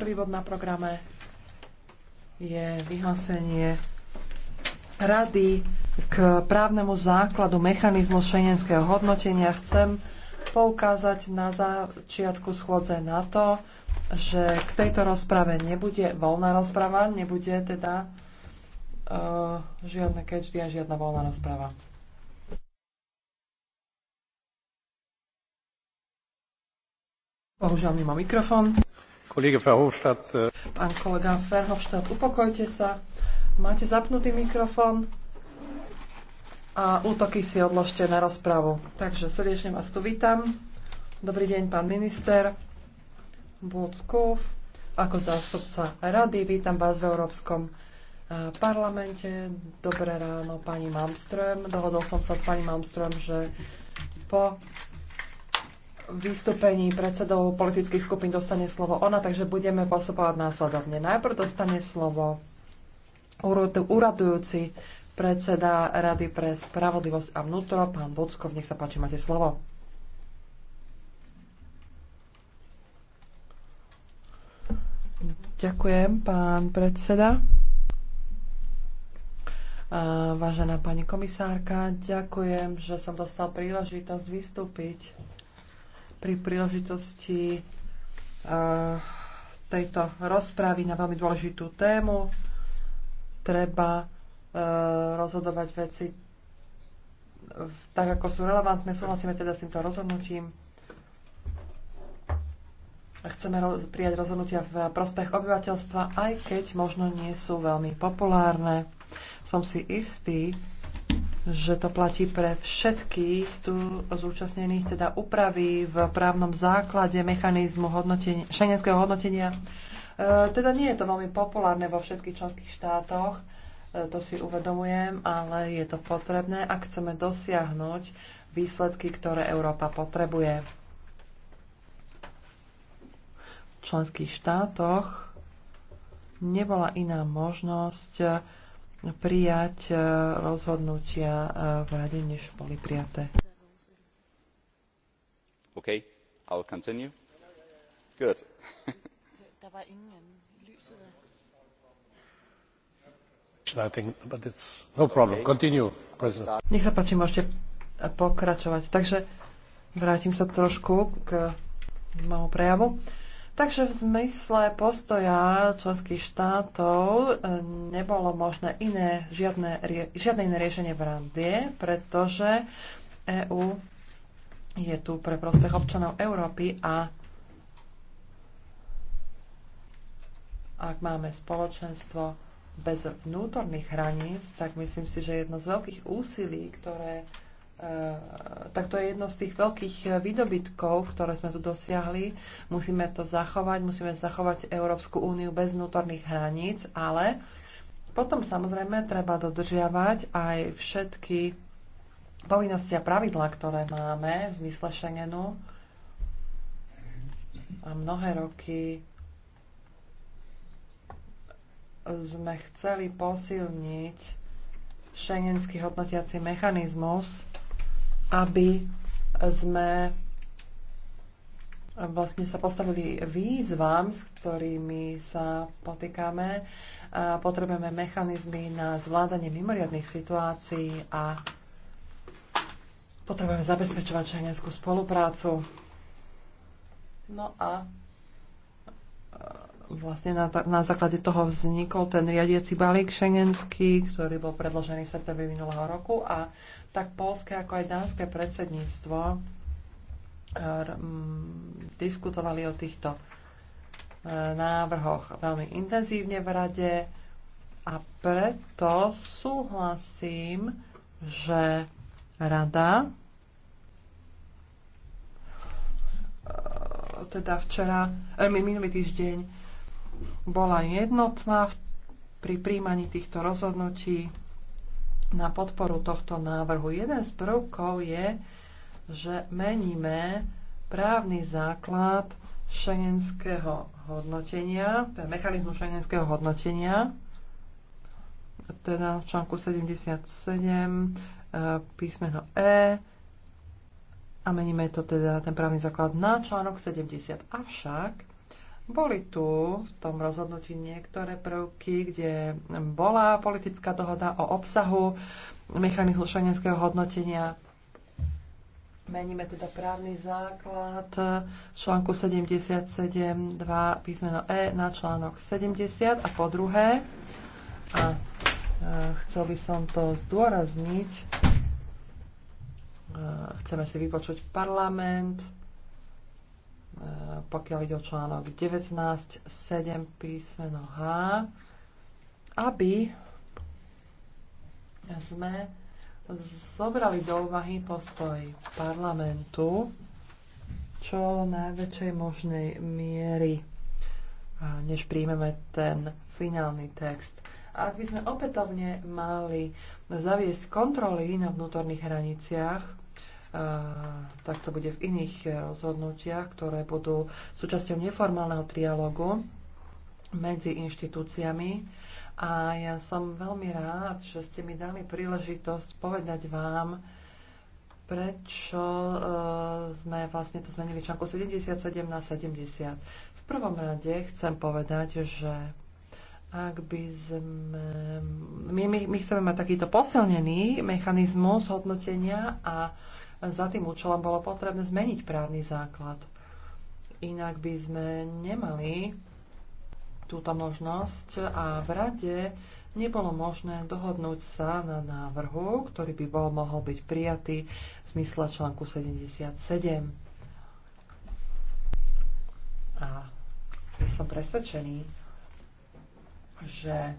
Prvý bod na programe je vyhlásenie rady k právnemu základu mechanizmu šengenského hodnotenia. Chcem poukázať na začiatku schôdze na to, že k tejto rozprave nebude voľná rozprava, nebude teda uh, eh, žiadna catch a žiadna voľná rozprava. Bohužiaľ mimo mikrofón. Eh, pán kolega Verhofstadt, upokojte sa. Máte zapnutý mikrofón a útoky si odložte na rozpravu. Takže srdečne vás tu vítam. Dobrý deň, pán minister Budskov. Ako zástupca rady vítam vás v Európskom eh, parlamente. Dobré ráno, pani Malmström. Dohodol som sa s pani Malmström, že po vystúpení predsedov politických skupín dostane slovo ona, takže budeme postupovať následovne. Najprv dostane slovo uradujúci predseda Rady pre spravodlivosť a vnútro, pán Buckov. Nech sa páči, máte slovo. Ďakujem, pán predseda. Vážená pani komisárka, ďakujem, že som dostal príležitosť vystúpiť pri príležitosti e, tejto rozpravy na veľmi dôležitú tému. Treba e, rozhodovať veci tak, ako sú relevantné. Súhlasíme teda s týmto rozhodnutím. Chceme roz, prijať rozhodnutia v prospech obyvateľstva, aj keď možno nie sú veľmi populárne. Som si istý, že to platí pre všetkých tu zúčastnených, teda úpravy v právnom základe mechanizmu hodnotenia, šengenského hodnotenia. E, teda nie je to veľmi populárne vo všetkých členských štátoch, e, to si uvedomujem, ale je to potrebné, ak chceme dosiahnuť výsledky, ktoré Európa potrebuje. V členských štátoch nebola iná možnosť prijať e, rozhodnutia e, v rade, než boli prijaté. OK, I'll continue. Good. Er- no Nech sa páči, môžete pokračovať. Takže vrátim sa trošku k môjmu prejavu. Takže v zmysle postoja členských štátov e, nebolo možné iné, žiadne, žiadne iné riešenie v rande, pretože EÚ je tu pre prospech občanov Európy a ak máme spoločenstvo bez vnútorných hraníc, tak myslím si, že jedno z veľkých úsilí, ktoré Eh, tak to je jedno z tých veľkých eh, výdobytkov, ktoré sme tu dosiahli. Musíme to zachovať, musíme zachovať Európsku úniu bez vnútorných hraníc, ale potom samozrejme treba dodržiavať aj všetky povinnosti a pravidla, ktoré máme v zmysle Schengenu. A mnohé roky sme chceli posilniť šengenský hodnotiaci mechanizmus aby sme vlastne sa postavili výzvam, s ktorými sa potýkame. Potrebujeme mechanizmy na zvládanie mimoriadných situácií a potrebujeme zabezpečovať šengenskú spoluprácu. No a vlastne na, na základe toho vznikol ten riadiaci balík šengenský, ktorý bol predložený v septembri minulého roku a tak polské ako aj dánske predsedníctvo eh, r, m, diskutovali o týchto e, návrhoch veľmi intenzívne v rade a preto súhlasím, že rada eh, teda včera, minulý týždeň bola jednotná pri príjmaní týchto rozhodnutí na podporu tohto návrhu. Jeden z prvkov je, že meníme právny základ šengenského hodnotenia, ten mechanizmu šengenského hodnotenia, teda v článku 77 e, písmeno E a meníme to teda ten právny základ na článok 70. Avšak boli tu v tom rozhodnutí niektoré prvky, kde bola politická dohoda o obsahu mechanizmu šengenského hodnotenia. Meníme teda právny základ článku 77.2 písmeno E na článok 70 a po druhé, a e, chcel by som to zdôrazniť, e, chceme si vypočuť parlament, Eh, pokiaľ ide o článok 19.7 písmeno H, aby sme zobrali do úvahy postoj parlamentu čo najväčšej možnej miery, než príjmeme ten finálny text. Ak by sme opätovne mali zaviesť kontroly na vnútorných hraniciach, tak to bude v iných e, rozhodnutiach, ktoré budú súčasťou neformálneho trialógu medzi inštitúciami. A ja som veľmi rád, že ste mi dali príležitosť povedať vám, prečo e, sme vlastne to zmenili článku 77 na 70. V prvom rade chcem povedať, že ak by sme... My, my, my chceme mať takýto posilnený mechanizmus hodnotenia a za tým účelom bolo potrebné zmeniť právny základ. Inak by sme nemali túto možnosť a v rade nebolo možné dohodnúť sa na návrhu, ktorý by bol mohol byť prijatý v zmysle článku 77. A ja som presvedčený, že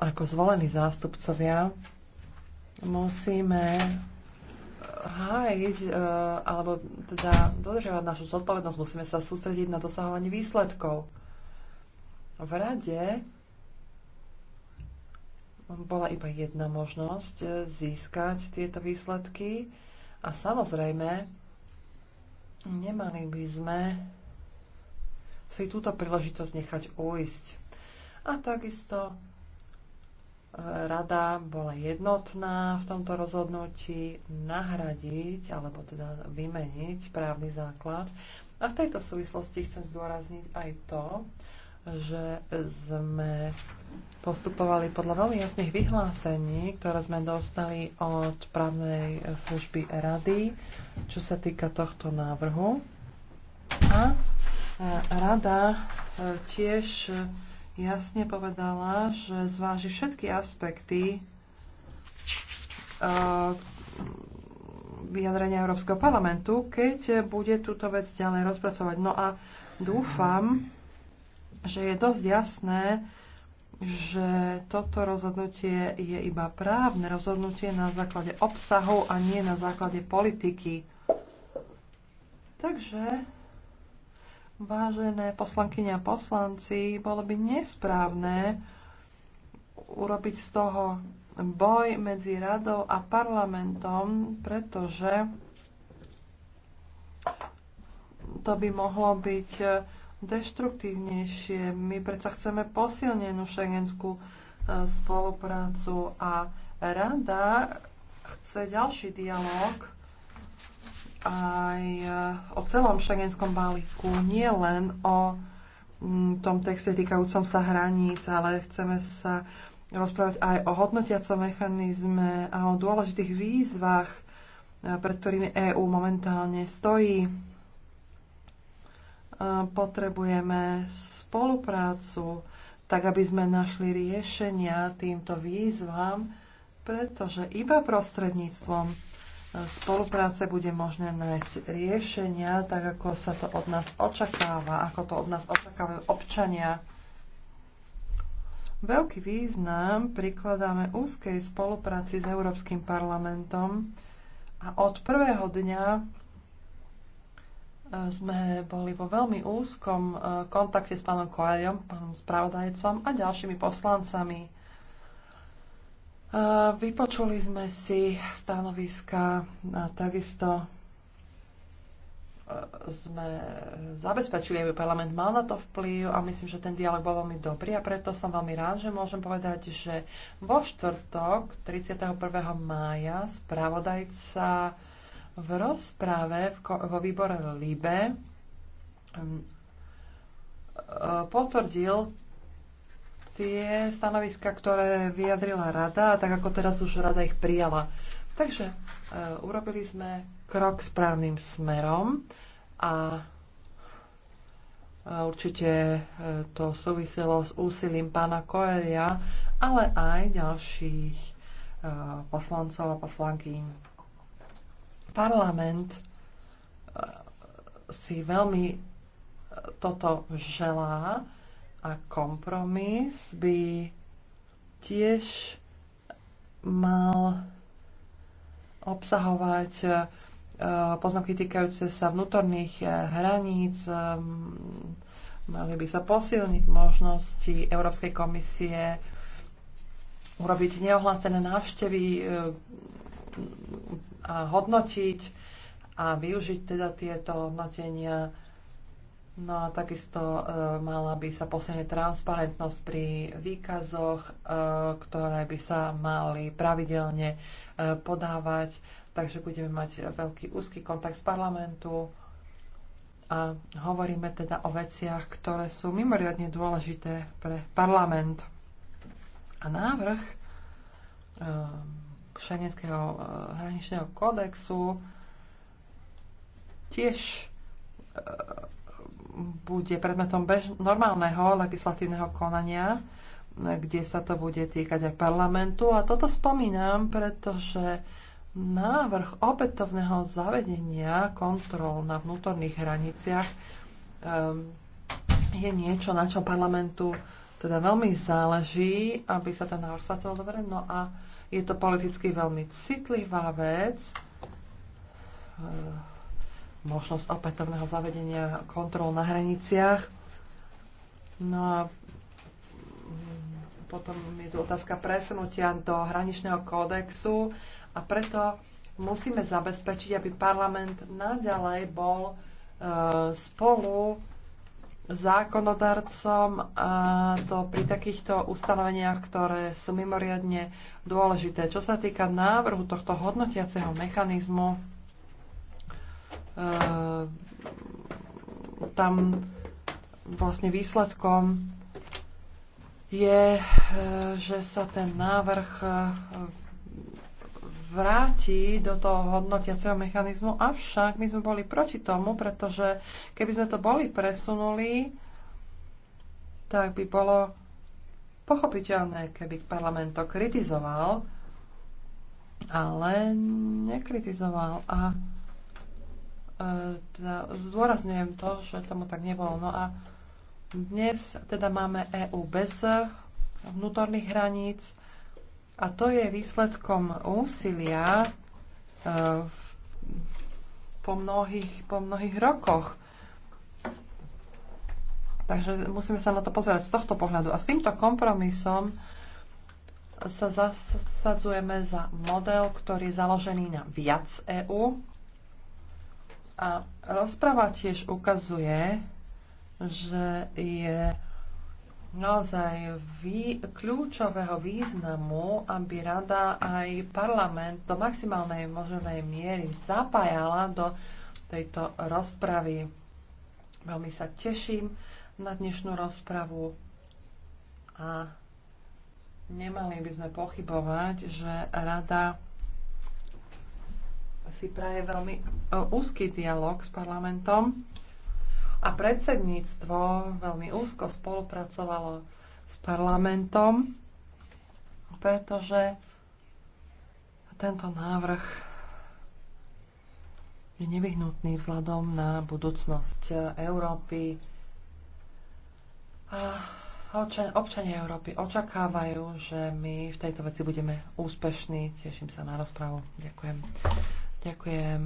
ako zvolení zástupcovia musíme hájiť e, alebo teda dodržiavať našu zodpovednosť, musíme sa sústrediť na dosahovanie výsledkov. V rade bola iba jedna možnosť e, získať tieto výsledky a samozrejme nemali by sme si túto príležitosť nechať uísť. A takisto rada bola jednotná v tomto rozhodnutí nahradiť alebo teda vymeniť právny základ. A v tejto súvislosti chcem zdôrazniť aj to, že sme postupovali podľa veľmi jasných vyhlásení, ktoré sme dostali od právnej služby rady, čo sa týka tohto návrhu. A rada e, tiež jasne povedala, že zváži všetky aspekty e, vyjadrenia Európskeho parlamentu, keď bude túto vec ďalej rozpracovať. No a dúfam, že je dosť jasné, že toto rozhodnutie je iba právne rozhodnutie na základe obsahu a nie na základe politiky. Takže Vážené poslankyne a poslanci, bolo by nesprávne urobiť z toho boj medzi radou a parlamentom, pretože to by mohlo byť deštruktívnejšie. My predsa chceme posilnenú šengenskú e, spoluprácu a rada chce ďalší dialog aj e, o celom šengenskom balíku, nie len o mm, tom texte týkajúcom sa hraníc, ale chceme sa rozprávať aj o hodnotiacom mechanizme a o dôležitých výzvach, e, pred ktorými EÚ momentálne stojí. E, potrebujeme spoluprácu, tak aby sme našli riešenia týmto výzvam, pretože iba prostredníctvom spolupráce bude možné nájsť riešenia, tak ako sa to od nás očakáva, ako to od nás očakávajú občania. Veľký význam prikladáme úzkej spolupráci s Európskym parlamentom a od prvého dňa e, sme boli vo veľmi úzkom e, kontakte s pánom Koaľom, pánom spravodajcom a ďalšími poslancami. Vypočuli sme si stanoviska a takisto e, sme zabezpečili, aby parlament mal na to vplyv a myslím, že ten dialog bol veľmi dobrý a preto som veľmi rád, že môžem povedať, že vo štvrtok 31. mája spravodajca v rozprave vo výbore LIBE e, potvrdil tie stanoviska, ktoré vyjadrila rada, tak ako teraz už rada ich prijala. Takže e, urobili sme krok správnym smerom a e, určite e, to súviselo s úsilím pána Koelia, ale aj ďalších e, poslancov a poslankyň. Parlament si veľmi toto želá a kompromis by tiež mal obsahovať e, poznámky týkajúce sa vnútorných e, hraníc, e, mali by sa posilniť možnosti Európskej komisie urobiť neohlásené návštevy a hodnotiť a využiť teda tieto hodnotenia No a takisto e, mala by sa posilniť transparentnosť pri výkazoch, e, ktoré by sa mali pravidelne e, podávať. Takže budeme mať veľký úzky kontakt s parlamentu a hovoríme teda o veciach, ktoré sú mimoriadne dôležité pre parlament. A návrh e, Šengenského e, hraničného kódexu tiež e, bude predmetom bež- normálneho legislatívneho konania, kde sa to bude týkať aj parlamentu. A toto spomínam, pretože návrh opätovného zavedenia kontrol na vnútorných hraniciach um, je niečo, na čo parlamentu teda veľmi záleží, aby sa ten návrh spracoval dobre. No a je to politicky veľmi citlivá vec. Uh, možnosť opätovného zavedenia kontrol na hraniciach. No a mm, potom je tu otázka presunutia do hraničného kódexu a preto musíme zabezpečiť, aby parlament naďalej bol e, spolu zákonodarcom a to pri takýchto ustanoveniach, ktoré sú mimoriadne dôležité. Čo sa týka návrhu tohto hodnotiaceho mechanizmu, Ehm, tam vlastne výsledkom je, eh, že sa ten návrh eh, vráti do toho hodnotiaceho mechanizmu, avšak my sme boli proti tomu, pretože keby sme to boli presunuli, tak by bolo pochopiteľné, keby parlament to kritizoval, ale nekritizoval a E, teda zdôrazňujem to, že tomu tak nebolo. No a dnes teda máme EÚ bez vnútorných hraníc a to je výsledkom úsilia e, po mnohých, po mnohých rokoch. Takže musíme sa na to pozerať z tohto pohľadu. A s týmto kompromisom sa zasadzujeme za model, ktorý je založený na viac EÚ, a rozpráva tiež ukazuje, že je naozaj vý, kľúčového významu, aby rada aj parlament do maximálnej možnej miery zapájala do tejto rozpravy. Veľmi sa teším na dnešnú rozpravu a nemali by sme pochybovať, že rada si praje veľmi e, úzky dialog s parlamentom a predsedníctvo veľmi úzko spolupracovalo s parlamentom, pretože tento návrh je nevyhnutný vzhľadom na budúcnosť Európy. A občania Európy očakávajú, že my v tejto veci budeme úspešní. Teším sa na rozprávu. Ďakujem. Ďakujem,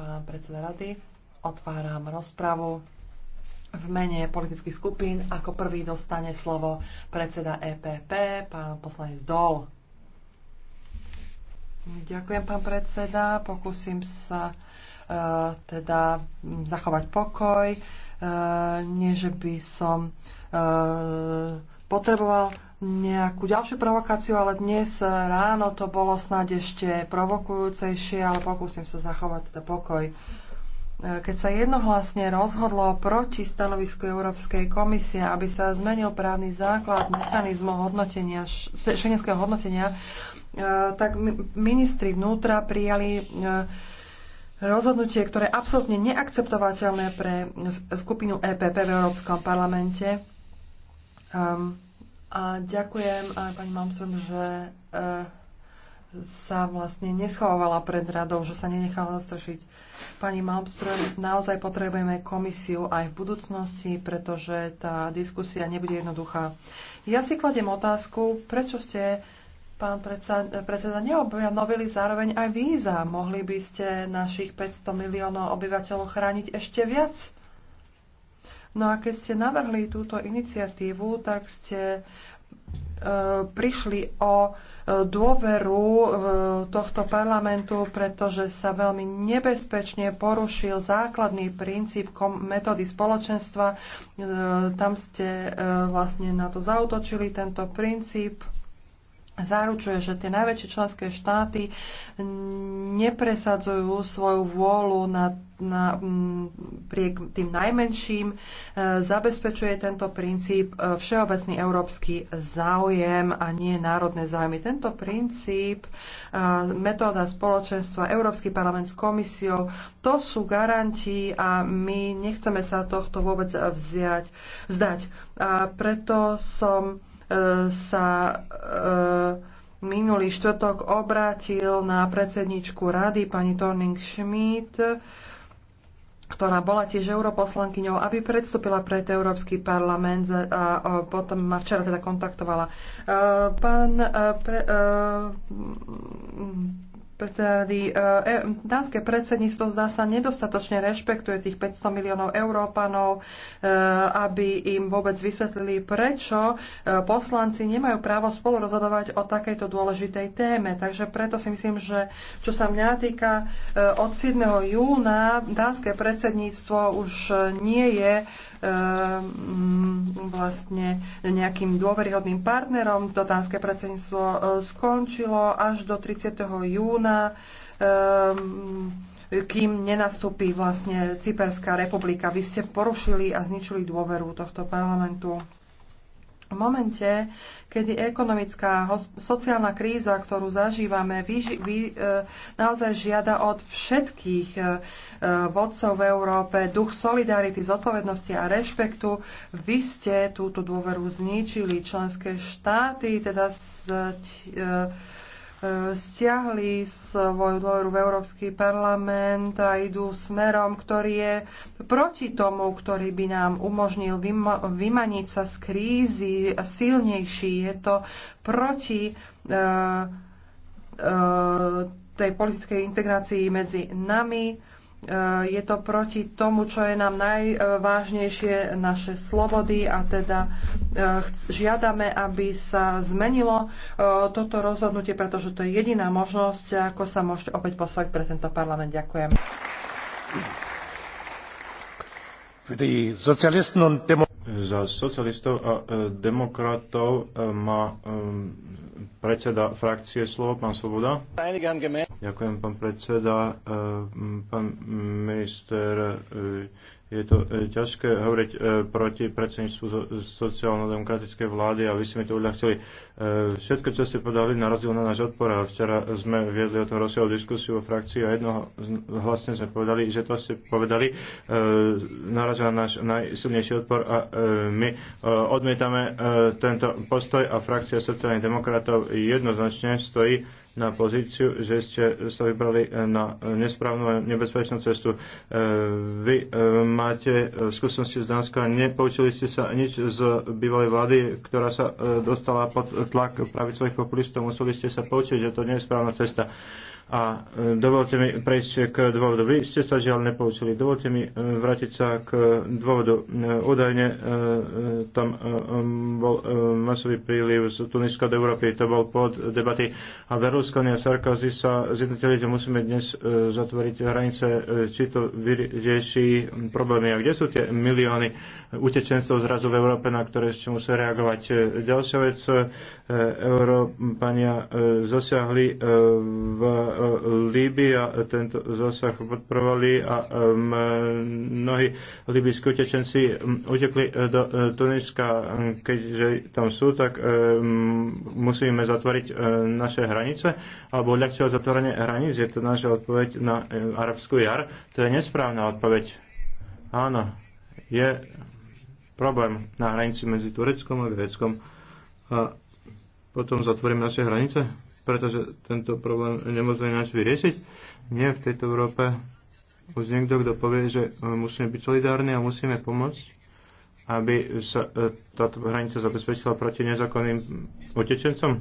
pán predseda rady. Otváram rozpravu. V mene politických skupín ako prvý dostane slovo predseda EPP, pán poslanec Dol. Ďakujem, pán predseda. Pokúsim sa uh, teda zachovať pokoj. Uh, nie, že by som uh, potreboval nejakú ďalšiu provokáciu, ale dnes ráno to bolo snáď ešte provokujúcejšie, ale pokúsim sa zachovať teda pokoj. E, keď sa jednohlasne rozhodlo proti stanovisku Európskej komisie, aby sa zmenil právny základ mechanizmu hodnotenia, šengenského hodnotenia, e, tak ministri vnútra prijali e, rozhodnutie, ktoré je absolútne neakceptovateľné pre skupinu EPP v Európskom parlamente. Ehm, a ďakujem pani Mamsom, že e, sa vlastne neschovávala pred radou, že sa nenechala zastrašiť. Pani Malmström, naozaj potrebujeme komisiu aj v budúcnosti, pretože tá diskusia nebude jednoduchá. Ja si kladiem otázku, prečo ste, pán predseda, predseda neobjavnovili zároveň aj víza. Mohli by ste našich 500 miliónov obyvateľov chrániť ešte viac? No a keď ste navrhli túto iniciatívu, tak ste e, prišli o e, dôveru e, tohto parlamentu, pretože sa veľmi nebezpečne porušil základný princíp metódy spoločenstva. Tam ste vlastne na to zautočili, tento princíp zaručuje, že tie najväčšie členské štáty nepresadzujú svoju vôľu na, na, mm, priek tým najmenším, e, zabezpečuje tento princíp e, všeobecný európsky záujem a nie národné záujmy. Tento princíp, e, metóda spoločenstva, Európsky parlament s komisiou, to sú garanti a my nechceme sa tohto vôbec vziať, vzdať. A preto som sa e, minulý štvrtok obrátil na predsedničku rady pani Torning Schmidt, ktorá bola tiež europoslankyňou, aby predstúpila pred Európsky parlament a potom ma včera teda kontaktovala. E, pán e, pre, E, e, Dánske predsedníctvo zdá sa nedostatočne rešpektuje tých 500 miliónov Európanov, e, aby im vôbec vysvetlili, prečo e, poslanci nemajú právo spolu rozhodovať o takejto dôležitej téme. Takže preto si myslím, že čo sa mňa týka, od 7. júna dánske predsedníctvo už nie je Ehm, mm, vlastne nejakým dôveryhodným partnerom. Dotánske dánske predsedníctvo e, skončilo až do 30. júna ehm, kým nenastúpi vlastne Cyperská republika. Vy ste porušili a zničili dôveru tohto parlamentu. V momente, kedy ekonomická sociálna kríza, ktorú zažívame, vy, vy, e, naozaj žiada od všetkých e, e, vodcov v Európe duch solidarity, zodpovednosti a rešpektu. Vy ste túto dôveru zničili. Členské štáty teda z, e, stiahli svoju dôveru v Európsky parlament a idú smerom, ktorý je proti tomu, ktorý by nám umožnil vymaniť sa z krízy silnejší. Je to proti eh, eh, tej politickej integrácii medzi nami Eh, je to proti tomu, čo je nám najvážnejšie, naše slobody a teda eh, žiadame, aby sa zmenilo eh, toto rozhodnutie, pretože to je jediná možnosť, ako sa môžete opäť poslať pre tento parlament. Ďakujem za socialistov a e, demokratov e, má e, predseda frakcie slovo, pán Svoboda. Ďakujem, pán predseda. Pán minister, je to ťažké hovoriť proti predsedníctvu sociálno-demokratickej vlády a vy ste mi to uľahčili. E, všetko, čo ste podali, narazilo na náš odpor a včera sme viedli o tom rozsiaľu diskusiu o frakcii a jedno hlasne sme povedali, že to ste povedali, e, narazil narazilo na náš najsilnejší odpor a e, my odmietame tento postoj a frakcia sociálnych demokratov jednoznačne stojí na pozíciu, že ste sa vybrali na nesprávnu a nebezpečnú cestu. Vy máte skúsenosti z Dánska, nepoučili ste sa nič z bývalej vlády, ktorá sa dostala pod tlak pravicových populistov. Museli ste sa poučiť, že to nie je správna cesta. A e, dovolte mi prejsť k dôvodu. Vy ste sa žiaľ nepoučili. Dovolte mi e, vrátiť sa k dôvodu. E, údajne tam bol masový príliv z Tuniska do Európy. To bol pod debaty. A Berlusconi a Sarkozy sa zjednotili, že musíme dnes zatvoriť hranice, či to vyrieši problémy. A kde sú tie milióny utečencov zrazu v Európe, na ktoré ešte musia reagovať? Ďalšia vec, Európania zasiahli v Líbia a tento zásah podporovali a mnohí líbyskí utečenci utekli do e, Tuniska. Keďže tam sú, tak musíme zatvoriť e, naše hranice alebo uľahčovať zatvorenie hraníc. Je to naša odpoveď na e, arabskú jar. To je nesprávna odpoveď. Áno, je problém na hranici medzi Tureckom a Greckom. A potom zatvoríme naše hranice? pretože tento problém nemôžeme ináč vyriešiť. Nie v tejto Európe už niekto, kto povie, že e, musíme byť solidárni a musíme pomôcť, aby sa e, táto hranica zabezpečila proti nezákonným utečencom. E,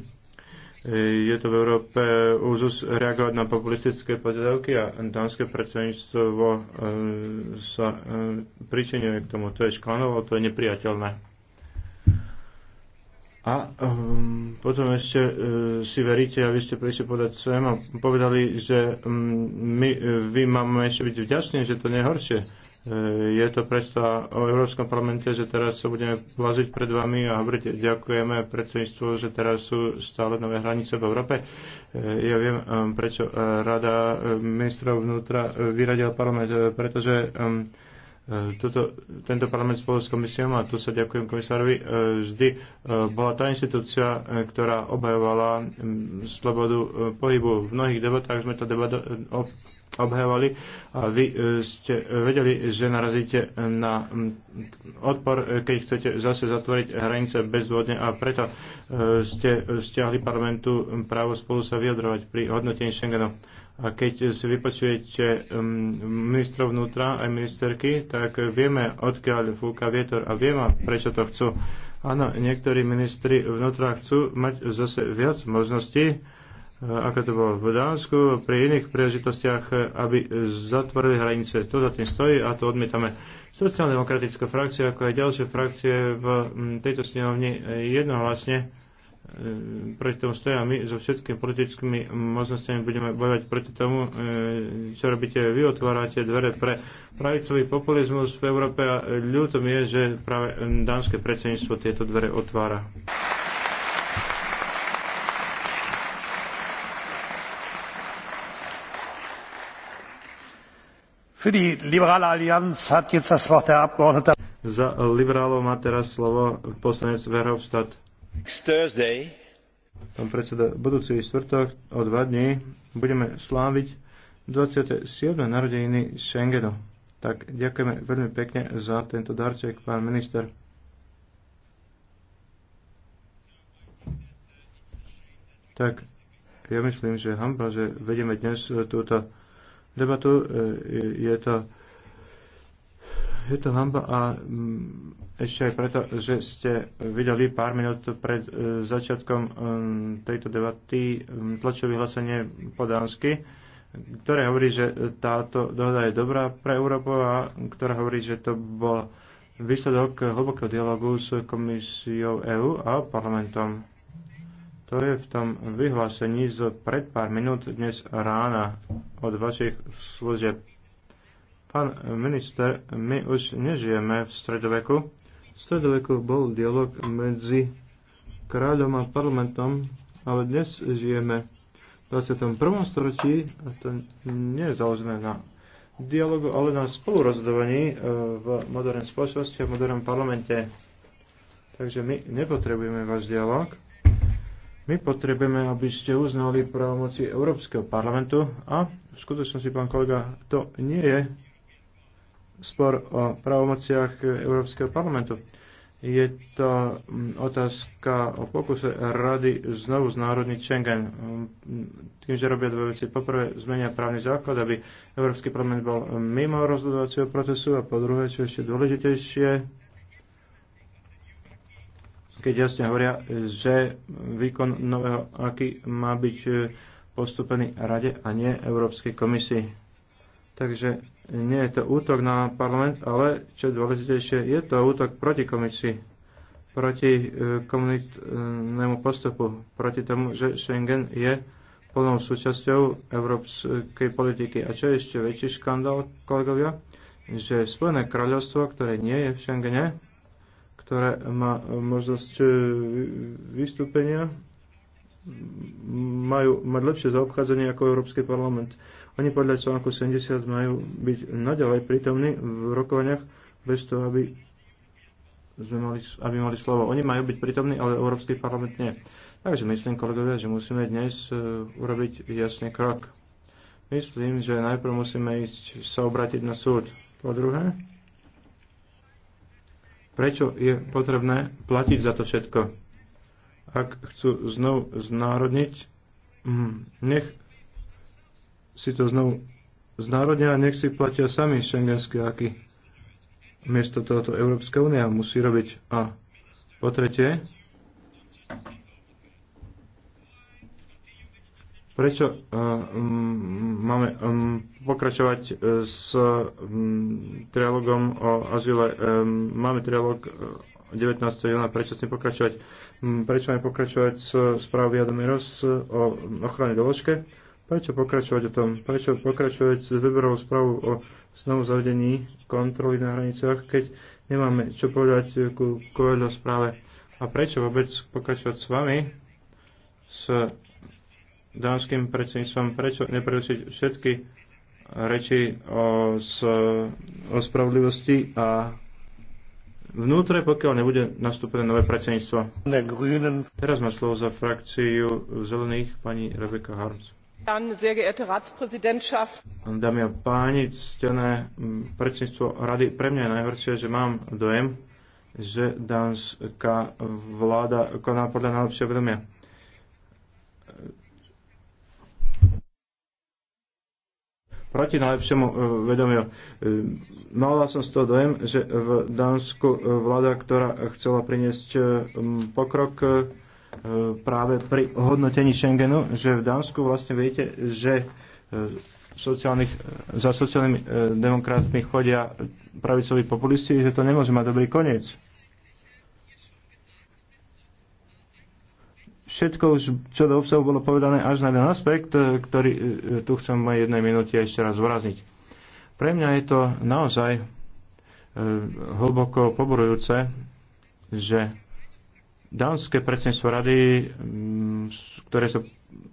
je to v Európe úzus reagovať na populistické požiadavky a dánske predsedníctvo sa pričinuje k tomu. To je škanovo, to je nepriateľné. A um, potom ešte uh, si veríte, aby ste prišli podať sem a povedali, že um, my, uh, vy máme ešte byť vďační, že to nie je horšie. Uh, e, je to predstava o Európskom parlamente, že teraz sa budeme plaziť pred vami a hovoriť ďakujeme predsedníctvu, že teraz sú stále nové hranice v Európe. Uh, ja viem, um, prečo uh, Rada uh, ministrov vnútra uh, vyradila parlament, uh, pretože um, E, toto, tento parlament spolu s komisiou, a tu sa ďakujem komisárovi, e, vždy e, bola tá inštitúcia, ktorá obhajovala slobodu pohybu. V mnohých debatách sme to debat obhajovali a vy ste vedeli, že narazíte na odpor, keď chcete zase zatvoriť hranice bezvodne a preto ste stiahli parlamentu právo spolu sa vyjadrovať pri hodnotení Schengenu. A keď si vypočujete um, ministrov vnútra aj ministerky, tak vieme, odkiaľ fúka vietor a vieme, prečo to chcú. Áno, niektorí ministri vnútra chcú mať zase viac možností, e, ako to bolo v Dánsku, pri iných príležitostiach, aby zatvorili hranice. To za tým stojí a to odmietame. Sociálna demokratická frakcia, ako aj ďalšie frakcie v tejto snemovni jednohlasne E, proti tomu a my so všetkými politickými možnosťami budeme bojovať proti tomu, e, čo robíte vy, otvárate dvere pre pravicový populizmus v Európe a ľútom je, že práve dánske predsedníctvo tieto dvere otvára. Für die liberale Allianz hat jetzt das Wort der Abgeordnete. Za liberálov má teraz slovo poslanec Verhofstadt. Pán predseda, budúci štvrtok o dva dní budeme sláviť 27. narodeniny Schengenu. Tak ďakujeme veľmi pekne za tento darček, pán minister. Tak ja myslím, že hamba, že vedeme dnes túto debatu. E, je to je to hamba a mm, ešte aj preto, že ste videli pár minút pred e, začiatkom e, tejto debaty tlačové vyhlásenie po dánsky, ktoré hovorí, že táto dohoda je dobrá pre Európu a ktorá hovorí, že to bol výsledok hlbokého dialogu s komisiou EÚ a parlamentom. To je v tom vyhlásení z pred pár minút dnes rána od vašich služieb. Pán minister, my už nežijeme v stredoveku. V stredoveku bol dialog medzi kráľom a parlamentom, ale dnes žijeme v 21. storočí a to nie je založené na dialogu, ale na spolurozhodovaní e, v modernej spoločnosti a v modernom parlamente. Takže my nepotrebujeme váš dialog. My potrebujeme, aby ste uznali právomoci Európskeho parlamentu a v skutočnosti, pán kolega, to nie je spor o pravomociach Európskeho parlamentu. Je to mm, otázka o pokuse rady znovu znárodniť Schengen. Mm, tým, že robia dve veci. Poprvé zmenia právny základ, aby Európsky parlament bol mimo rozhodovacieho procesu a po druhé, čo ešte dôležitejšie, keď jasne hovoria, že výkon nového aký má byť postupený rade a nie Európskej komisii. Takže nie je to útok na parlament, ale čo dôležitejšie, je to útok proti komisii, proti e, komunitnému postupu, proti tomu, že Schengen je plnou súčasťou európskej politiky. A čo je ešte väčší škandál, kolegovia, že Spojené kráľovstvo, ktoré nie je v Schengene, ktoré má možnosť e, vystúpenia, majú mať lepšie zaobchádzanie ako Európsky parlament. Oni podľa článku 70 majú byť naďalej prítomní v rokovaniach bez toho, aby, sme mali, aby mali slovo. Oni majú byť prítomní, ale Európsky parlament nie. Takže myslím, kolegovia, že musíme dnes e, urobiť jasný krok. Myslím, že najprv musíme ísť sa obratiť na súd. Po druhé, prečo je potrebné platiť za to všetko? Ak chcú znovu znárodniť, hm, nech si to znovu znárodňa a nech si platia sami šengenské aky. Miesto tohoto Európska únia musí robiť. A po tretie, prečo uh, máme um, pokračovať eh, s um, trialogom o azyle. Um, máme trialog 19. júna, prečo s ním pokračovať? Um, prečo máme pokračovať s správou Viadomiros o ochrane doložke? Prečo pokračovať o tom? Prečo pokračovať s výberovou správou o znovu zavedení kontroly na hraniciach, keď nemáme čo povedať ku kovedlo správe? A prečo vôbec pokračovať s vami, s dánskym predsedníctvom, prečo neprerušiť všetky reči o, s, o spravodlivosti a vnútre, pokiaľ nebude nastúpené nové predsedníctvo. Teraz má slovo za frakciu zelených pani Rebeka Harms. Dámy a páni, ctené predsedníctvo rady, pre mňa je najhoršie, že mám dojem, že dánska vláda koná podľa najlepšieho vedomia. proti najlepšiemu e, vedomiu. E, mala som z toho dojem, že v Dánsku vláda, ktorá chcela priniesť e, pokrok, E, práve pri hodnotení Schengenu, že v Dánsku vlastne viete, že e, sociálnych, e, za sociálnymi demokratmi chodia pravicoví populisti, že to nemôže mať dobrý koniec. Všetko už, čo do obsahu bolo povedané až na jeden aspekt, ktorý tu chcem v mojej jednej minúte ešte raz zvrazniť. Pre mňa je to naozaj hlboko poborujúce, že Dánske predsedníctvo rady, mm, ktoré sa,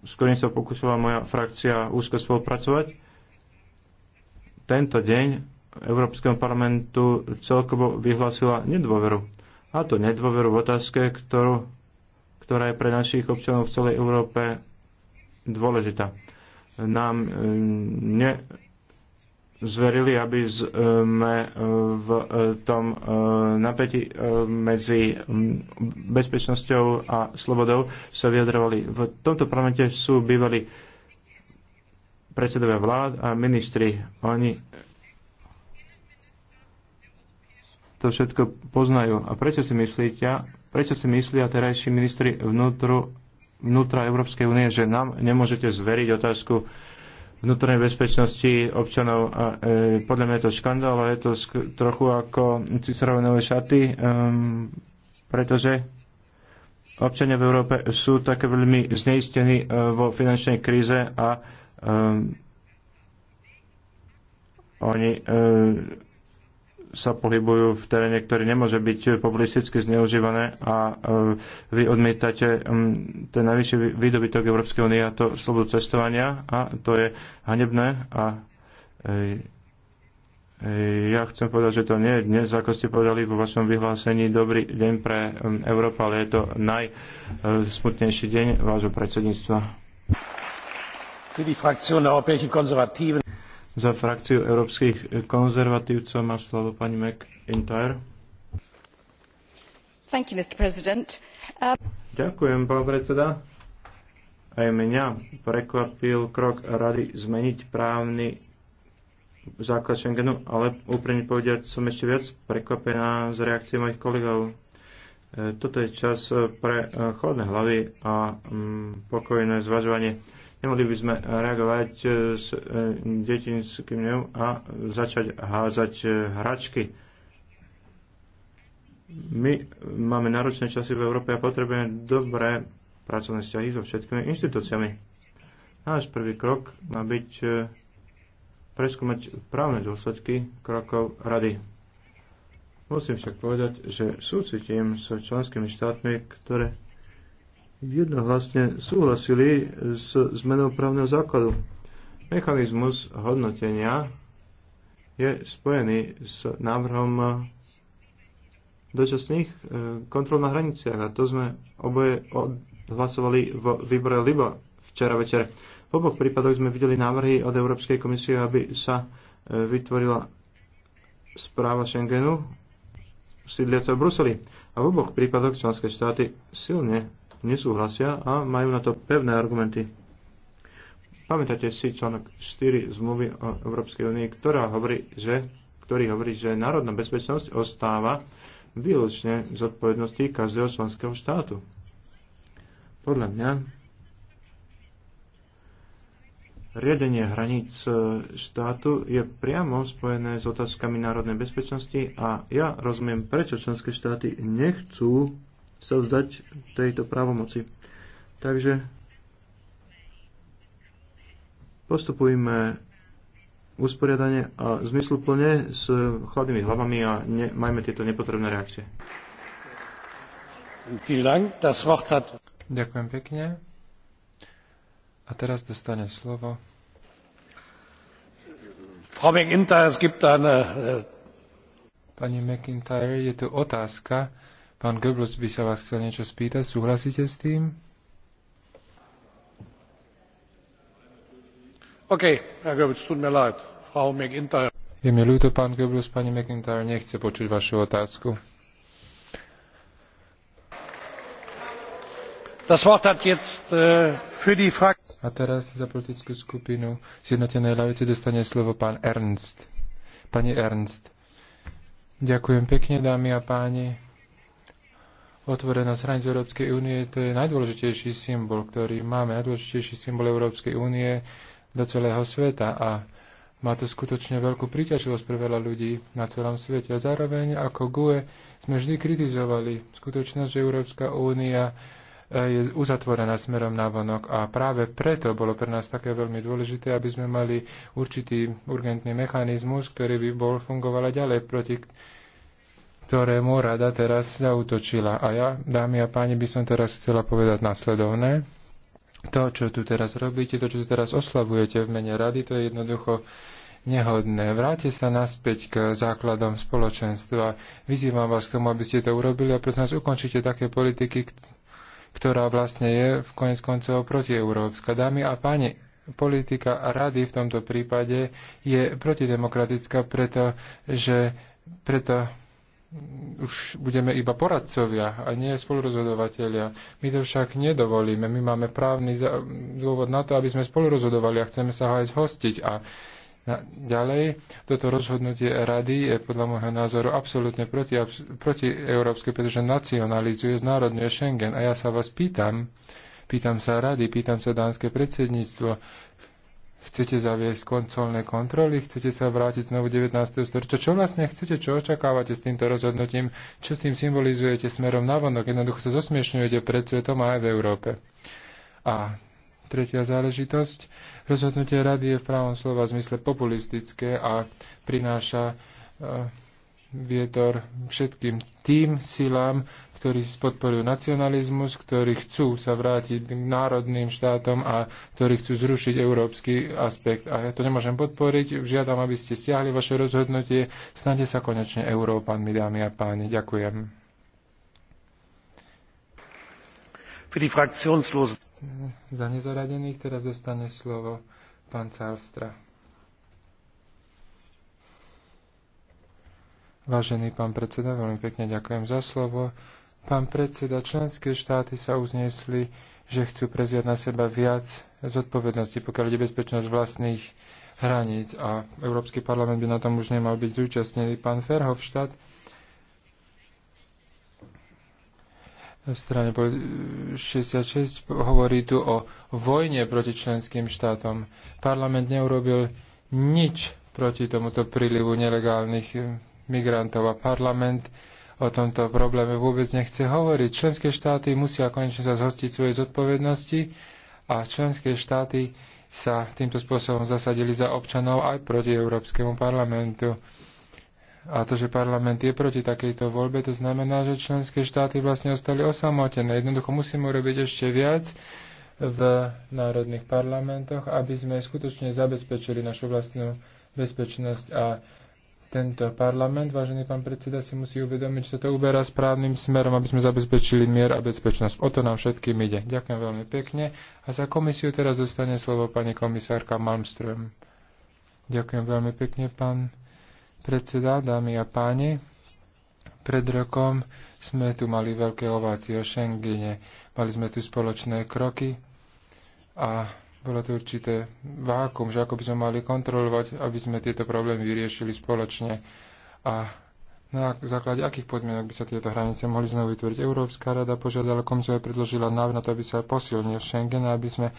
s ktorým sa pokúšala moja frakcia úzko spolupracovať, tento deň Európskeho parlamentu celkovo vyhlásila nedôveru. A to nedôveru v otázke, ktorú, ktorá je pre našich občanov v celej Európe dôležitá. Nám mm, ne, zverili, aby sme e, v e, tom e, napätí medzi bezpečnosťou a slobodou sa vyjadrovali. V tomto parlamente sú bývali predsedovia vlád a ministri. Oni to všetko poznajú. A prečo si myslíte, prečo si myslia terajší ministri vnútru, vnútra Európskej únie, že nám nemôžete zveriť otázku vnútornej bezpečnosti občanov. A, e, podľa mňa je to škandál a je to trochu ako Cicerové šaty, um, pretože občania v Európe sú také veľmi zneistení e, vo finančnej kríze a um, oni e, sa pohybujú v teréne, ktorý nemôže byť populisticky zneužívané a e, vy odmietate ten najvyšší výdobytok Európskej únie a to slobodu cestovania a to je hanebné a ja chcem povedať, že to nie je dnes, ako ste povedali vo vašom vyhlásení, dobrý deň pre Európa, ale je to najsmutnejší deň vášho predsedníctva. Für die Fraktion der europäischen Konservativen za frakciu európskych konzervatívcov má slovo pani McIntyre. Thank you, Mr. President. Uh... Ďakujem, pán predseda. Aj mňa prekvapil krok rady zmeniť právny základ Schengenu, ale úprimne povedať som ešte viac prekvapená z reakcie mojich kolegov. E, toto je čas pre e, chladné hlavy a mm, pokojné zvažovanie Nemali by sme reagovať e, s e, detinským dňom a začať házať e, hračky. My máme náročné časy v Európe a potrebujeme dobré pracovné vzťahy so všetkými inštitúciami. Náš prvý krok má byť preskúmať právne dôsledky krokov Rady. Musím však povedať, že súcitím s členskými štátmi, ktoré jednohlasne súhlasili s zmenou právneho základu. Mechanizmus hodnotenia je spojený s návrhom dočasných e, kontrol na hraniciach a to sme oboje odhlasovali v výbore libo včera večer. V oboch prípadoch sme videli návrhy od Európskej komisie, aby sa e, vytvorila správa Schengenu sídliaca v Bruseli. A v oboch prípadoch členské štáty silne nesúhlasia a majú na to pevné argumenty. Pamätáte si článok 4 zmluvy o Európskej únii, ktorá hovorí, že, ktorý hovorí, že národná bezpečnosť ostáva výlučne z odpovednosti každého členského štátu. Podľa mňa riadenie hraníc e, štátu je priamo spojené s otázkami národnej bezpečnosti a ja rozumiem, prečo členské štáty nechcú sa vzdať tejto právomoci. Takže postupujme usporiadanie a zmysluplne s chladnými hlavami a ne, majme tieto nepotrebné reakcie. Ďakujem pekne. A teraz dostane slovo. Äh, pani McIntyre, je tu otázka Pán Goebbels by sa vás chcel niečo spýtať. Súhlasíte s tým? OK, Herr Goebbels, tut mir leid. Frau McIntyre. Je mi ľúto, pán Goebbels, pani McIntyre nechce počuť vašu otázku. Das Wort hat jetzt äh, für die Fraktion. A teraz za politickú skupinu Zjednotenej ľavice dostane slovo pán Ernst. Pani Ernst. Ďakujem pekne, dámy a páni. Otvorenosť hraníc Európskej únie to je najdôležitejší symbol, ktorý máme, najdôležitejší symbol Európskej únie do celého sveta a má to skutočne veľkú príťažlivosť pre veľa ľudí na celom svete. A zároveň ako GUE sme vždy kritizovali skutočnosť, že Európska únia e, je uzatvorená smerom na vonok a práve preto bolo pre nás také veľmi dôležité, aby sme mali určitý urgentný mechanizmus, ktorý by bol fungovať ďalej proti ktorému rada teraz zautočila. A ja, dámy a páni, by som teraz chcela povedať nasledovné. To, čo tu teraz robíte, to, čo tu teraz oslavujete v mene rady, to je jednoducho nehodné. Vráte sa naspäť k základom spoločenstva. Vyzývam vás k tomu, aby ste to urobili a prosím vás, ukončite také politiky, ktorá vlastne je v konec koncov protieurópska. Dámy a páni, politika rady v tomto prípade je protidemokratická, pretože preto, už budeme iba poradcovia a nie spolurozhodovateľia. My to však nedovolíme. My máme právny dôvod na to, aby sme spolurozhodovali a chceme sa ho aj zhostiť. A na, ďalej, toto rozhodnutie rady je podľa môjho názoru absolútne proti, abs, proti európske, pretože nacionalizuje, znárodňuje Schengen. A ja sa vás pýtam, pýtam sa rady, pýtam sa dánske predsedníctvo, Chcete zaviesť koncolné kontroly? Chcete sa vrátiť znovu 19. storočia? Čo vlastne chcete? Čo očakávate s týmto rozhodnutím? Čo tým symbolizujete smerom na vonok? Jednoducho sa zosmiešňujete pred svetom aj v Európe. A tretia záležitosť. Rozhodnutie rady je v právom slova zmysle populistické a prináša eh, vietor všetkým tým silám, ktorí podporujú nacionalizmus, ktorí chcú sa vrátiť k národným štátom a ktorí chcú zrušiť európsky aspekt. A ja to nemôžem podporiť. Žiadam, aby ste stiahli vaše rozhodnutie. Snáďte sa konečne Európanmi, dámy a páni. Ďakujem. Za nezaradených teraz dostane slovo pán Calstra. Vážený pán predseda, veľmi pekne ďakujem za slovo. Pán predseda, členské štáty sa uznesli, že chcú preziať na seba viac zodpovednosti, pokiaľ ide bezpečnosť vlastných hraníc a Európsky parlament by na tom už nemal byť zúčastnený. Pán Ferhofštát v strane 66 hovorí tu o vojne proti členským štátom. Parlament neurobil nič proti tomuto prílivu nelegálnych migrantov a parlament o tomto probléme vôbec nechce hovoriť. Členské štáty musia konečne sa zhostiť svojej zodpovednosti a členské štáty sa týmto spôsobom zasadili za občanov aj proti Európskemu parlamentu. A to, že parlament je proti takejto voľbe, to znamená, že členské štáty vlastne ostali osamotené. Jednoducho musíme urobiť ešte viac v národných parlamentoch, aby sme skutočne zabezpečili našu vlastnú bezpečnosť a tento parlament, vážený pán predseda, si musí uvedomiť, že sa to uberá správnym smerom, aby sme zabezpečili mier a bezpečnosť. O to nám všetkým ide. Ďakujem veľmi pekne. A za komisiu teraz zostane slovo pani komisárka Malmström. Ďakujem veľmi pekne, pán predseda, dámy a páni. Pred rokom sme tu mali veľké ovácie o Schengene. Mali sme tu spoločné kroky a bolo to určité vákum, že ako by sme mali kontrolovať, aby sme tieto problémy vyriešili spoločne a na základe akých podmienok by sa tieto hranice mohli znovu vytvoriť? Európska rada požiadala komisiu aj predložila návrh na to, aby sa posilnil Schengen a aby sme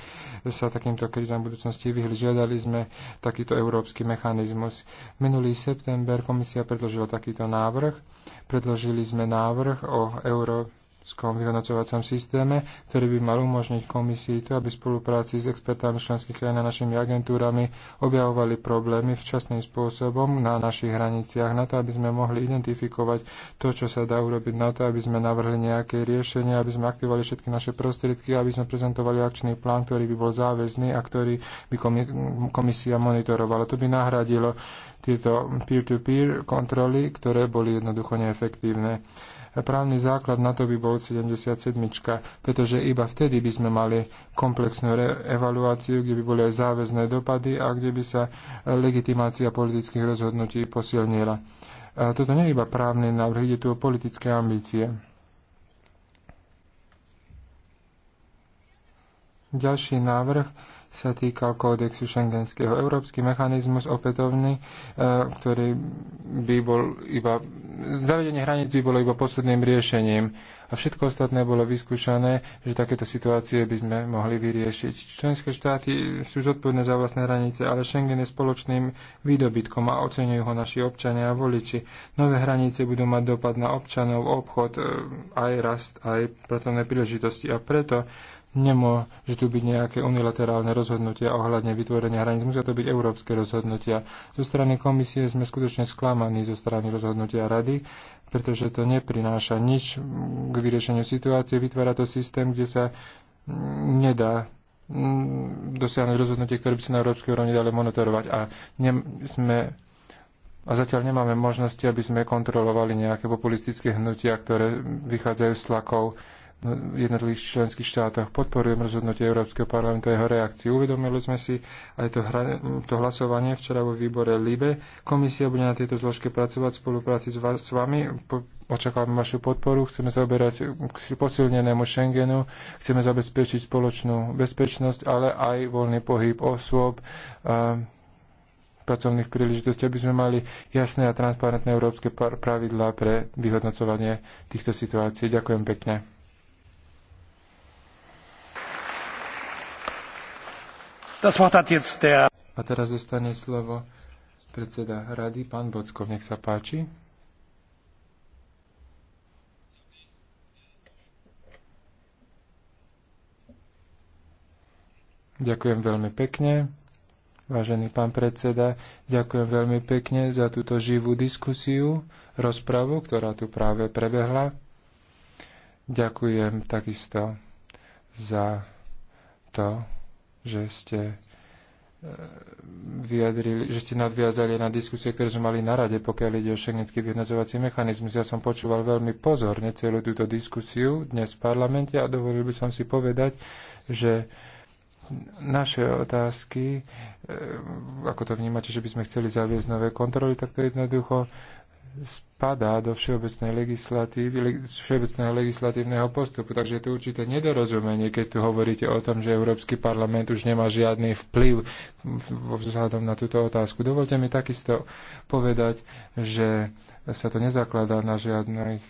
sa takýmto krízam v budúcnosti vyhli. Žiadali sme takýto európsky mechanizmus. Minulý september komisia predložila takýto návrh. Predložili sme návrh o Európe európskom vyhodnocovacom systéme, ktorý by mal umožniť komisii to, aby v spolupráci s expertami členských krajín a našimi agentúrami objavovali problémy včasným spôsobom na našich hraniciach, na to, aby sme mohli identifikovať to, čo sa dá urobiť, na to, aby sme navrhli nejaké riešenie, aby sme aktivovali všetky naše prostriedky, aby sme prezentovali akčný plán, ktorý by bol záväzný a ktorý by komisia monitorovala. To by nahradilo tieto peer-to-peer -peer kontroly, ktoré boli jednoducho neefektívne právny základ na to by bol 77, pretože iba vtedy by sme mali komplexnú evaluáciu, kde by boli aj záväzné dopady a kde by sa legitimácia politických rozhodnutí posilnila. Toto nie je iba právny návrh, ide tu o politické ambície. Ďalší návrh sa týkal kódexu šengenského. Európsky mechanizmus opätovný, e, ktorý by bol iba... Zavedenie hraníc by bolo iba posledným riešením a všetko ostatné bolo vyskúšané, že takéto situácie by sme mohli vyriešiť. Členské štáty sú zodpovedné za vlastné hranice, ale Schengen je spoločným výdobytkom a oceňujú ho naši občania a voliči. Nové hranice budú mať dopad na občanov, obchod, e, aj rast, aj pracovné príležitosti a preto Nemôže tu byť nejaké unilaterálne rozhodnutia ohľadne vytvorenia hraníc, musia to byť európske rozhodnutia. Zo strany komisie sme skutočne sklamaní zo strany rozhodnutia rady, pretože to neprináša nič k vyriešeniu situácie. Vytvára to systém, kde sa nedá mm, dosiahnuť rozhodnutie, ktoré by sa na európskej úrovni dali monitorovať. A ne, sme a zatiaľ nemáme možnosti, aby sme kontrolovali nejaké populistické hnutia, ktoré vychádzajú z tlakov jednotlivých členských štátoch. Podporujem rozhodnutie Európskeho parlamentu a jeho reakciu. Uvedomili sme si aj to, hra, to hlasovanie včera vo výbore LIBE. Komisia bude na tejto zložke pracovať v spolupráci s, vás, s vami. Po, očakávame vašu podporu. Chceme zaoberať k posilnenému Schengenu. Chceme zabezpečiť spoločnú bezpečnosť, ale aj voľný pohyb osôb. A, pracovných príležitostí, aby sme mali jasné a transparentné európske pravidlá pre vyhodnocovanie týchto situácií. Ďakujem pekne. A teraz dostane slovo predseda rady, pán Bockov, nech sa páči. Ďakujem veľmi pekne. Vážený pán predseda, ďakujem veľmi pekne za túto živú diskusiu, rozpravu, ktorá tu práve prebehla. Ďakujem takisto za to, že ste e, vyjadrili, že ste nadviazali na diskusie, ktoré sme mali na rade, pokiaľ ide o šengenský vyhodnocovací mechanizmus. Ja som počúval veľmi pozorne celú túto diskusiu dnes v parlamente a dovolil by som si povedať, že naše otázky, e, ako to vnímate, že by sme chceli zaviesť nové kontroly, tak to jednoducho spadá do všeobecnej legislatívy, všeobecného legislatívneho postupu. Takže je tu určité nedorozumenie, keď tu hovoríte o tom, že Európsky parlament už nemá žiadny vplyv vzhľadom na túto otázku. Dovolte mi takisto povedať, že sa to nezakladá na žiadnych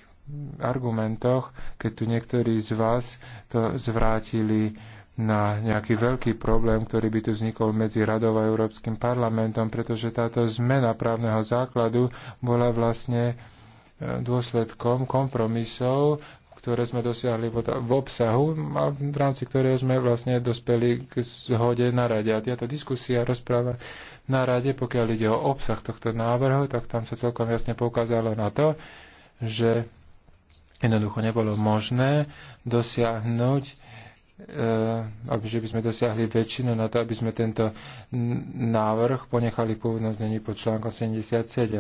argumentoch, keď tu niektorí z vás to zvrátili na nejaký veľký problém, ktorý by tu vznikol medzi Radou a Európskym parlamentom, pretože táto zmena právneho základu bola vlastne e, dôsledkom kompromisov, ktoré sme dosiahli v obsahu a v rámci ktorého sme vlastne dospeli k zhode na rade. A táto diskusia, rozpráva na rade, pokiaľ ide o obsah tohto návrhu, tak tam sa celkom jasne poukázalo na to, že jednoducho nebolo možné dosiahnuť Eh, aby že by sme dosiahli väčšinu na to, aby sme tento návrh ponechali pôvodnom znení pod článkom 77.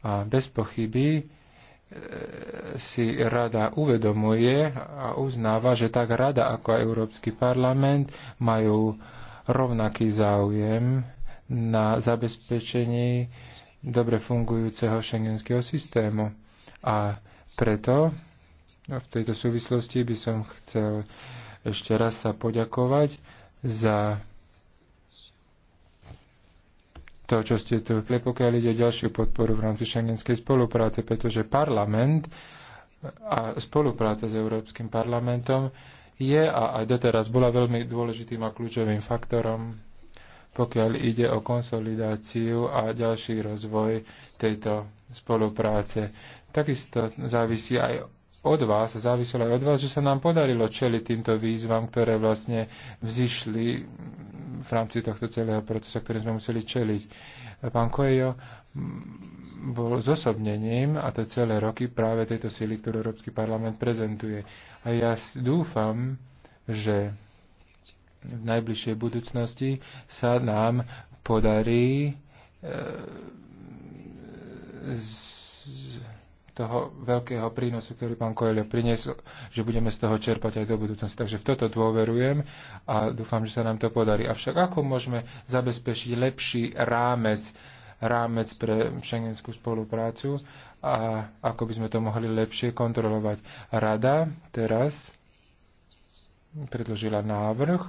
A bez pochyby eh, si rada uvedomuje a uznáva, že tak rada ako aj Európsky parlament majú rovnaký záujem na zabezpečení dobre fungujúceho šengenského systému. A preto v tejto súvislosti by som chcel uh, ešte raz sa poďakovať za to, čo ste tu, pokiaľ ide ďalšiu podporu v rámci šengenskej spolupráce, pretože parlament a spolupráca s Európskym parlamentom je a aj doteraz bola veľmi dôležitým a kľúčovým faktorom, pokiaľ ide o konsolidáciu a ďalší rozvoj tejto spolupráce. Takisto závisí aj od vás, záviselo aj od vás, že sa nám podarilo čeliť týmto výzvam, ktoré vlastne vzýšli v rámci tohto celého procesu, ktorý sme museli čeliť. Pán Kojo bol zosobnením a to celé roky práve tejto sily, ktorú Európsky parlament prezentuje. A ja dúfam, že v najbližšej budúcnosti sa nám podarí e, z, toho veľkého prínosu, ktorý pán Koelio priniesol, že budeme z toho čerpať aj do budúcnosti. Takže v toto dôverujem a dúfam, že sa nám to podarí. Avšak ako môžeme zabezpečiť lepší rámec, rámec pre šengenskú spoluprácu a ako by sme to mohli lepšie kontrolovať. Rada teraz predložila návrh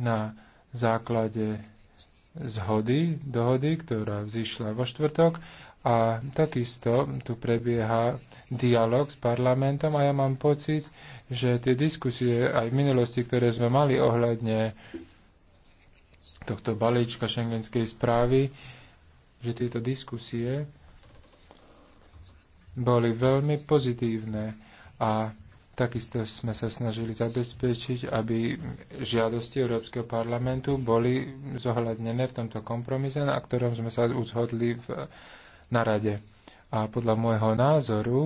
na základe zhody, dohody, ktorá vzýšla vo štvrtok a takisto tu prebieha dialog s parlamentom a ja mám pocit, že tie diskusie aj v minulosti, ktoré sme mali ohľadne tohto balíčka šengenskej správy, že tieto diskusie boli veľmi pozitívne a takisto sme sa snažili zabezpečiť, aby žiadosti Európskeho parlamentu boli zohľadnené v tomto kompromise, na ktorom sme sa uzhodli v na rade. A podľa môjho názoru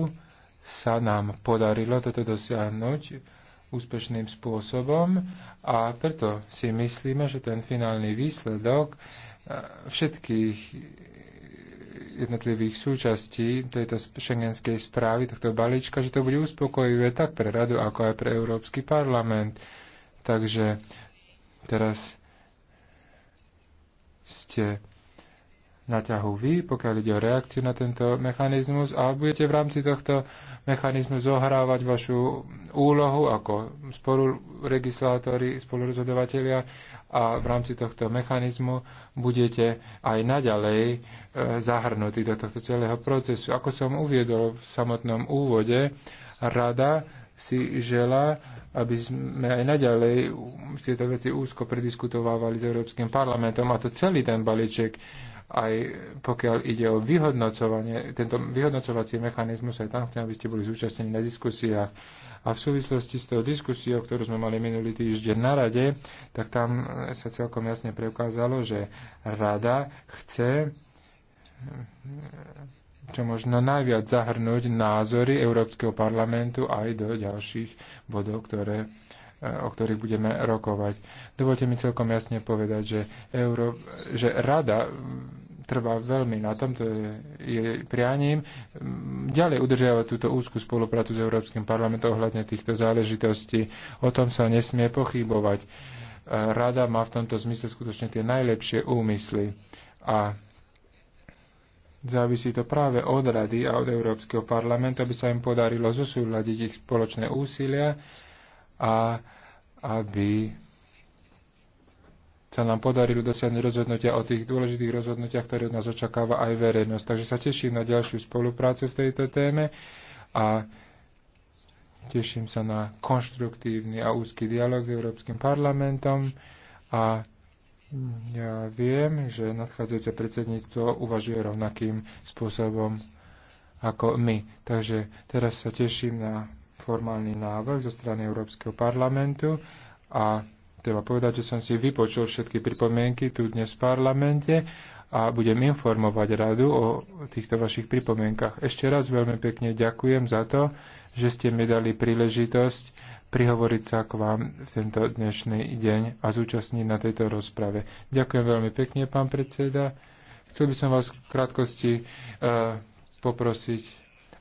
sa nám podarilo toto dosiahnuť úspešným spôsobom a preto si myslíme, že ten finálny výsledok e, všetkých jednotlivých súčastí tejto šengenskej správy, tohto balíčka, že to bude uspokojivé tak pre radu, ako aj pre Európsky parlament. Takže teraz ste na ťahu vy, pokiaľ ide o reakciu na tento mechanizmus a budete v rámci tohto mechanizmu zohrávať vašu úlohu ako spoluregislátori, spolurozhodovatelia a v rámci tohto mechanizmu budete aj naďalej e, zahrnutí do tohto celého procesu. Ako som uviedol v samotnom úvode, rada si žela, aby sme aj naďalej tieto veci úzko prediskutovávali s Európskym parlamentom a to celý ten balíček aj pokiaľ ide o vyhodnocovanie, tento vyhodnocovací mechanizmus, aj tam chcem, aby ste boli zúčastnení na diskusiách. A v súvislosti s tou diskusiou, ktorú sme mali minulý týždeň na rade, tak tam sa celkom jasne preukázalo, že rada chce hm, čo možno najviac zahrnúť názory Európskeho parlamentu aj do ďalších bodov, ktoré E, o ktorých budeme rokovať. Dovolte mi celkom jasne povedať, že, Euró- že Rada trvá veľmi na tom, to je je prianím, ďalej udržiavať túto úzku spoluprácu s Európskym parlamentom ohľadne týchto záležitostí. O tom sa nesmie pochybovať. E, Rada má v tomto zmysle skutočne tie najlepšie úmysly a závisí to práve od Rady a od Európskeho parlamentu, aby sa im podarilo zosúľadiť ich spoločné úsilia a aby sa nám podarilo dosiahnuť rozhodnutia o tých dôležitých rozhodnutiach, ktoré od nás očakáva aj verejnosť. Takže sa teším na ďalšiu spoluprácu v tejto téme a teším sa na konštruktívny a úzky dialog s Európskym parlamentom a ja viem, že nadchádzajúce predsedníctvo uvažuje rovnakým spôsobom ako my. Takže teraz sa teším na formálny návrh zo strany Európskeho parlamentu a treba povedať, že som si vypočul všetky pripomienky tu dnes v parlamente a budem informovať radu o týchto vašich pripomienkach. Ešte raz veľmi pekne ďakujem za to, že ste mi dali príležitosť prihovoriť sa k vám v tento dnešný deň a zúčastniť na tejto rozprave. Ďakujem veľmi pekne, pán predseda. Chcel by som vás v krátkosti uh, poprosiť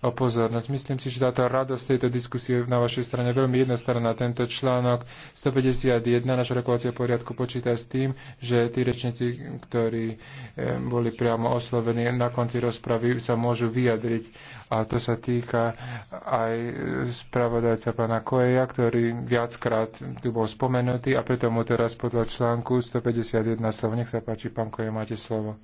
o pozornosť. Myslím si, že táto radosť tejto diskusie na vašej strane veľmi jednostranná. Tento článok 151 našho rokovacieho poriadku počíta s tým, že tí rečníci, ktorí eh, boli priamo oslovení na konci rozpravy, sa môžu vyjadriť. A to sa týka aj spravodajca pána Koeja, ktorý viackrát tu bol spomenutý a preto mu teraz podľa článku 151 slov. Nech sa páči, pán Koje, máte slovo.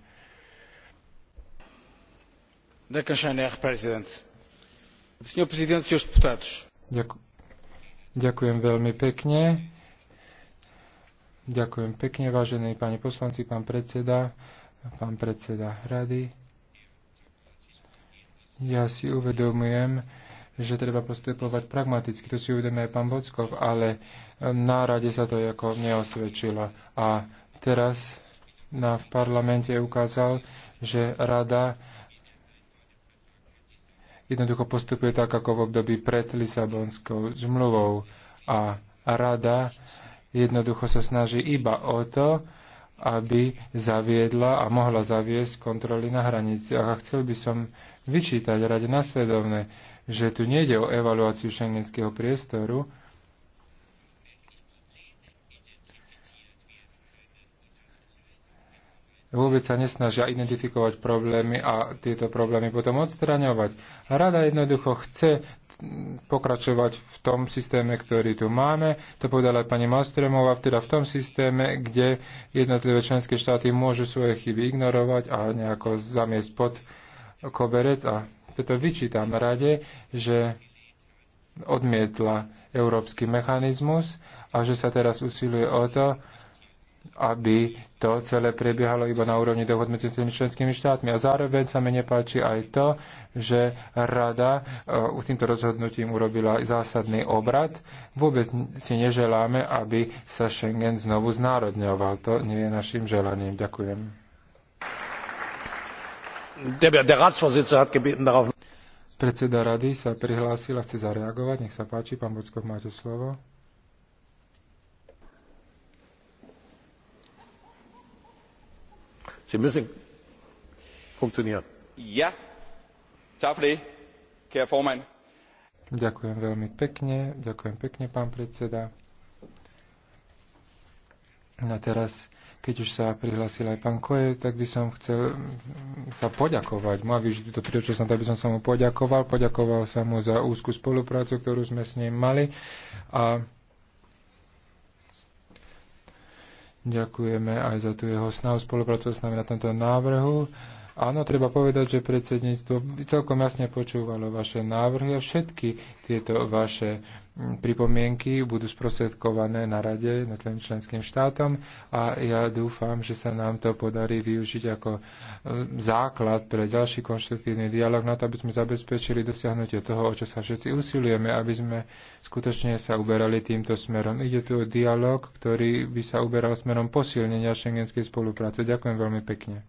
Ďakujem veľmi pekne. Ďakujem pekne, vážení pani poslanci, pán predseda, pán predseda rady. Ja si uvedomujem, že treba postupovať pragmaticky, to si uvedomuje aj pán Bockov, ale na rade sa to ako neosvedčilo. A teraz nám v parlamente ukázal, že rada jednoducho postupuje tak, ako v období pred Lisabonskou zmluvou. A rada jednoducho sa snaží iba o to, aby zaviedla a mohla zaviesť kontroly na hraniciach. A chcel by som vyčítať rade nasledovne, že tu nejde o evaluáciu šengenského priestoru, vôbec sa nesnažia identifikovať problémy a tieto problémy potom odstraňovať. Rada jednoducho chce pokračovať v tom systéme, ktorý tu máme. To povedala aj pani Malstremová, teda v tom systéme, kde jednotlivé členské štáty môžu svoje chyby ignorovať a nejako zamiesť pod koberec. A preto vyčítam rade, že odmietla európsky mechanizmus a že sa teraz usiluje o to, aby to celé prebiehalo iba na úrovni dohod medzi tými členskými štátmi. A zároveň sa mi nepáči aj to, že rada uh, týmto rozhodnutím urobila zásadný obrad. Vôbec si neželáme, aby sa Schengen znovu znárodňoval. To nie je našim želaním. Ďakujem. Predseda rady sa prihlásil a chce zareagovať. Nech sa páči, pán Bockov, máte slovo. sie müssen funktionieren. Ja, tafli, herr Forman. Ďakujem veľmi pekne, ďakujem pekne, pán predseda. No a teraz, keď už sa prihlásil aj pán Koje, tak by som chcel sa poďakovať. Má vyžiť túto príležitosť tak by som sa mu poďakoval. Poďakoval sa mu za úzkú spoluprácu, ktorú sme s ním mali. A Ďakujeme aj za tú jeho snahu spolupracovať s nami na tomto návrhu. Áno, treba povedať, že predsedníctvo celkom jasne počúvalo vaše návrhy a všetky tieto vaše mm, pripomienky budú sprostredkované na rade jednotlivým členským štátom a ja dúfam, že sa nám to podarí využiť ako e, základ pre ďalší konštruktívny dialog na to, aby sme zabezpečili dosiahnutie toho, o čo sa všetci usilujeme, aby sme skutočne sa uberali týmto smerom. Ide tu o dialog, ktorý by sa uberal smerom posilnenia šengenskej spolupráce. Ďakujem veľmi pekne.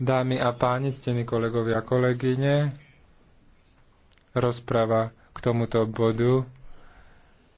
Dámy a páni, ctení kolegovia a kolegyne, rozprava k tomuto bodu